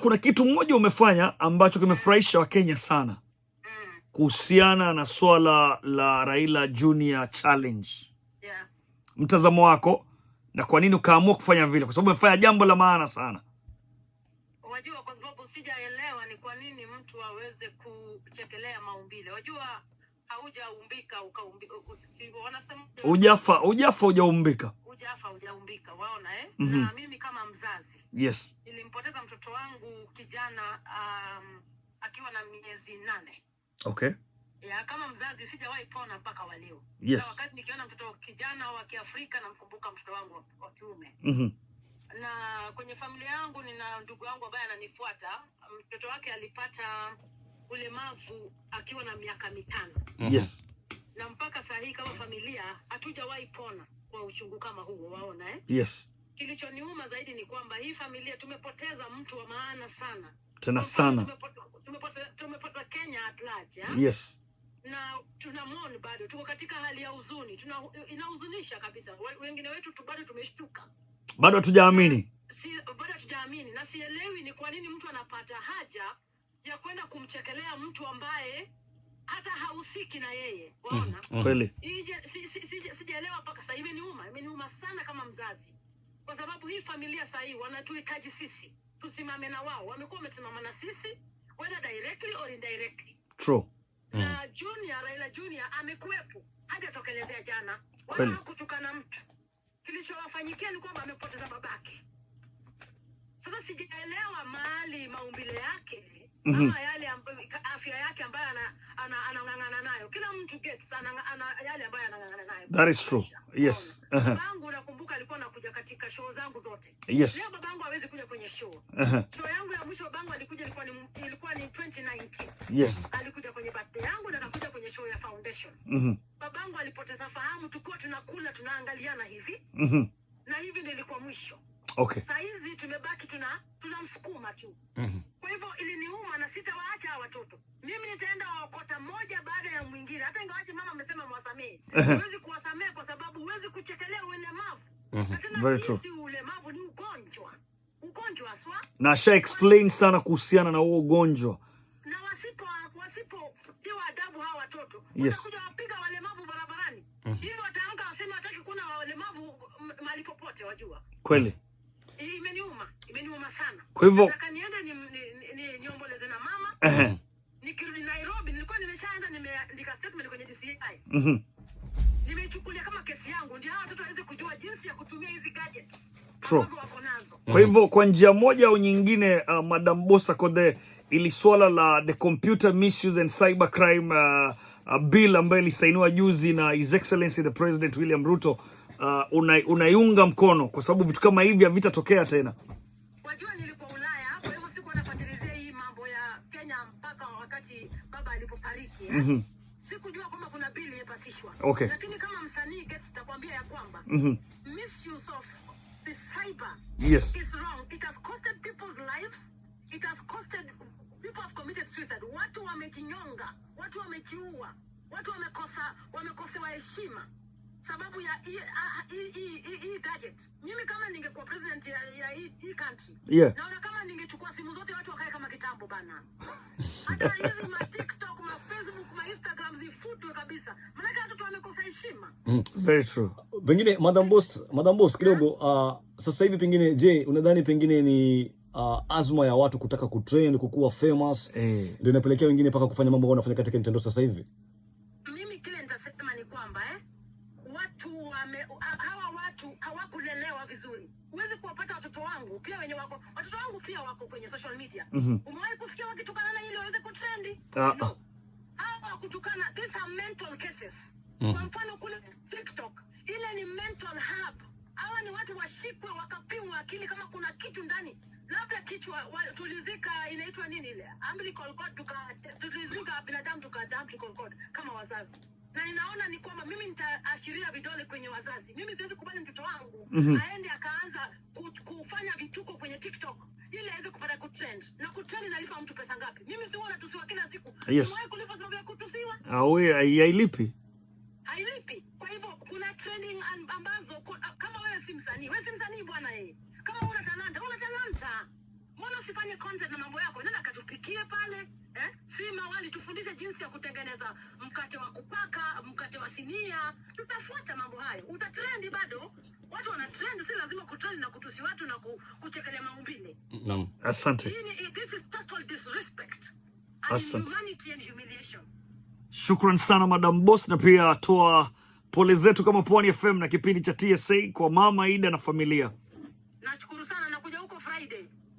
Kuna kitu mmoja umefanya ambacho kimefurahisha Wakenya sana mm. kuhusiana na swala la Raila Junior Challenge. Yeah. Mtazamo wako na kwa nini ukaamua kufanya vile? Kwa sababu umefanya jambo la maana sana. Wajua, kwa sababu sijaelewa ni kwa nini mtu aweze kuchekelea maumbile. Wajua haujaumbika ukaumbika, wanasema hujafa, hujafa hujaumbika, hujafa hujaumbika, waona eh? mm -hmm. Na mimi kama mzazi yes, nilimpoteza mtoto wangu kijana um, akiwa na miezi nane. Okay. Ya, kama mzazi sijawahi pona mpaka wa leo. Yes. Na wakati nikiona mtoto wa kijana wa Kiafrika namkumbuka mtoto wangu wa kiume. mm -hmm. Na kwenye familia yangu nina ndugu yangu ambaye ananifuata, mtoto wake alipata ulemavu akiwa na miaka mitano. Mhm. Yes. Na mpaka saa hii kama familia hatujawahi pona kwa uchungu kama huo, waona eh? Yes. Kilichoniuma zaidi ni kwamba hii familia tumepoteza mtu wa maana sana, tena sana tumepoteza, Kenya at eh? Yes na mon bado tuko katika hali ya huzuni, tuna inahuzunisha kabisa. Wengine wetu tu bado tumeshtuka, bado hatujaamini, si bado hatujaamini, na sielewi ni kwa nini mtu anapata haja ya kwenda kumchekelea mtu ambaye hata hausiki na yeye. Waona mhm. mhm. kweli, sijaelewa mpaka sasa. Imeniuma, imeniuma sana kama mzazi, kwa sababu hii familia sasa hii wanatuhitaji sisi tusimame na wao. Wamekuwa wamesimama na sisi whether directly or indirectly. True. Na mm. Junior, Raila Junior amekuwepo, hajatokelezea jana wala kutukana mtu. Kilichowafanyikia ni kwamba amepoteza babake. Sasa sijaelewa mahali maumbile yake mm -hmm. ama yale ambayo afya yake ambayo anang'ang'ana nayo. Kila mtu gets ana yale ambayo anang'ang'ana nayo. That is true. Yes. Uh -huh. nakumbuka alikuwa anakuja katika show zangu zote. Yes. Leo babangu hawezi kuja kwenye show. Uh -huh. Show yangu ya mwisho babangu alikuja ilikuwa ni ilikuwa ni 2019. Yes. Alikuja kwenye birthday yangu na akakuja kwenye show ya Foundation. Mhm. Mm babangu alipoteza fahamu tukiwa tunakula tunaangaliana hivi. Mhm. Mm na hivi ndio ilikuwa mwisho. Okay. Sasa hizi tumebaki tuna tunamsukuma tu. Mhm. Mm kwa hivyo iliniuma na sitawaacha hawa watoto. Mimi nitaenda waokota moja baada ya mwingine. Hata ingawaje mama amesema mwasamee. Huwezi kuwasamea kwa sababu huwezi kuchekelea ulemavu. Mm -hmm. ulemavu ni ugonjwa. Ugonjwa aswa. Na sha explain sana kuhusiana na huo ugonjwa. Na wasipo tiwa adabu hawa watoto. Yes. Wanakuja wapiga walemavu barabarani. Mm -hmm. Hivyo wataamka waseme wataki kuna walemavu mahali popote wajua. Kweli. Eh, imeniuma, imeniuma sana. Kwa hivyo ni, ni, niomboleze na mama Nikirudi Nairobi nilikuwa nimeshaenda nimeandika statement kwenye DCI mm kama kesi yangu, ndio hawa watoto waweze kujua jinsi ya kutumia hizi gadgets True. Kwa hivyo kwa njia moja au nyingine uh, Madam bosa Kode, ili swala la the computer misuse and cyber crime uh, uh, bill ambayo ilisainiwa juzi na His Excellency the President William Ruto uh, una, unaiunga mkono kwa sababu vitu kama hivi havitatokea tena. Wajua nilikuwa Ulaya hapo hivyo, sikuwa nafuatilizia hii mambo ya Kenya mpaka wakati baba alipofariki mm -hmm. Sikujua kwamba kuna bili imepasishwa. Okay. Lakini kama msanii Gets nitakwambia ya kwamba mm -hmm. misuse of the cyber yes. is wrong. It has costed people's lives. It has costed people have committed suicide. Watu wamejinyonga, watu wamejiua, watu wamekosa wamekosewa heshima sababu ya ah, ah, hii gadget. Mimi kama ningekuwa president ya hii country, yeah. Naona kama ningechukua simu zote watu wakae kama kitambo bana, hata hizi ma TikTok, ma Facebook, ma Instagram zifutwe kabisa, maana watoto wamekosa heshima. Mm, very true. Pengine Madam Boss, Madam Boss kidogo yeah. Uh, sasa hivi pengine, je, unadhani pengine ni Uh, azma ya watu kutaka kutrend kukuwa famous eh. ndio eh, inapelekea wengine mpaka kufanya mambo wanafanya katika mtandao sasa hivi. Eh, hawa watu hawakulelewa vizuri. Huwezi kuwapata watoto wangu pia wenye wako watoto wangu pia wako kwenye social media. Mm -hmm. Umewahi kusikia wakitukana na ili waweze kutrendi? Ah, ah. Hawa kutukana, these are mental cases. Mm. Kwa mfano kule TikTok, ile ni mental hub. Hawa ni watu washikwe wakapimwa akili kama kuna kitu ndani. Labda kichwa tulizika inaitwa nini ile? amblicol cord tuka tulizika binadamu tukaja amblicol cord kama wazazi na ninaona ni kwamba mimi nitaashiria vidole kwenye wazazi. Mimi siwezi kubali mtoto wangu mm -hmm. aende akaanza kufanya vituko kwenye TikTok ili aweze kupata kutrend na kutrend, inalipa mtu pesa ngapi? Mimi siona tusiwa kila siku yes. kulipa sababu ya kutusiwa au ah, ufanye content na mambo yako, nenda katupikie pale eh? Sima wali tufundishe jinsi ya kutengeneza mkate wa kupaka, mkate wa sinia. Tutafuata mambo hayo, utatrendi bado. Watu wana trend, si lazima kutrend na kutusi watu na kuchekelea maumbile. Naam, asante. Eh, this is total disrespect and humanity and humiliation. Shukran sana Madam Boss, na pia toa pole zetu kama Pwani FM na kipindi cha TSA kwa Mama Ida na familia.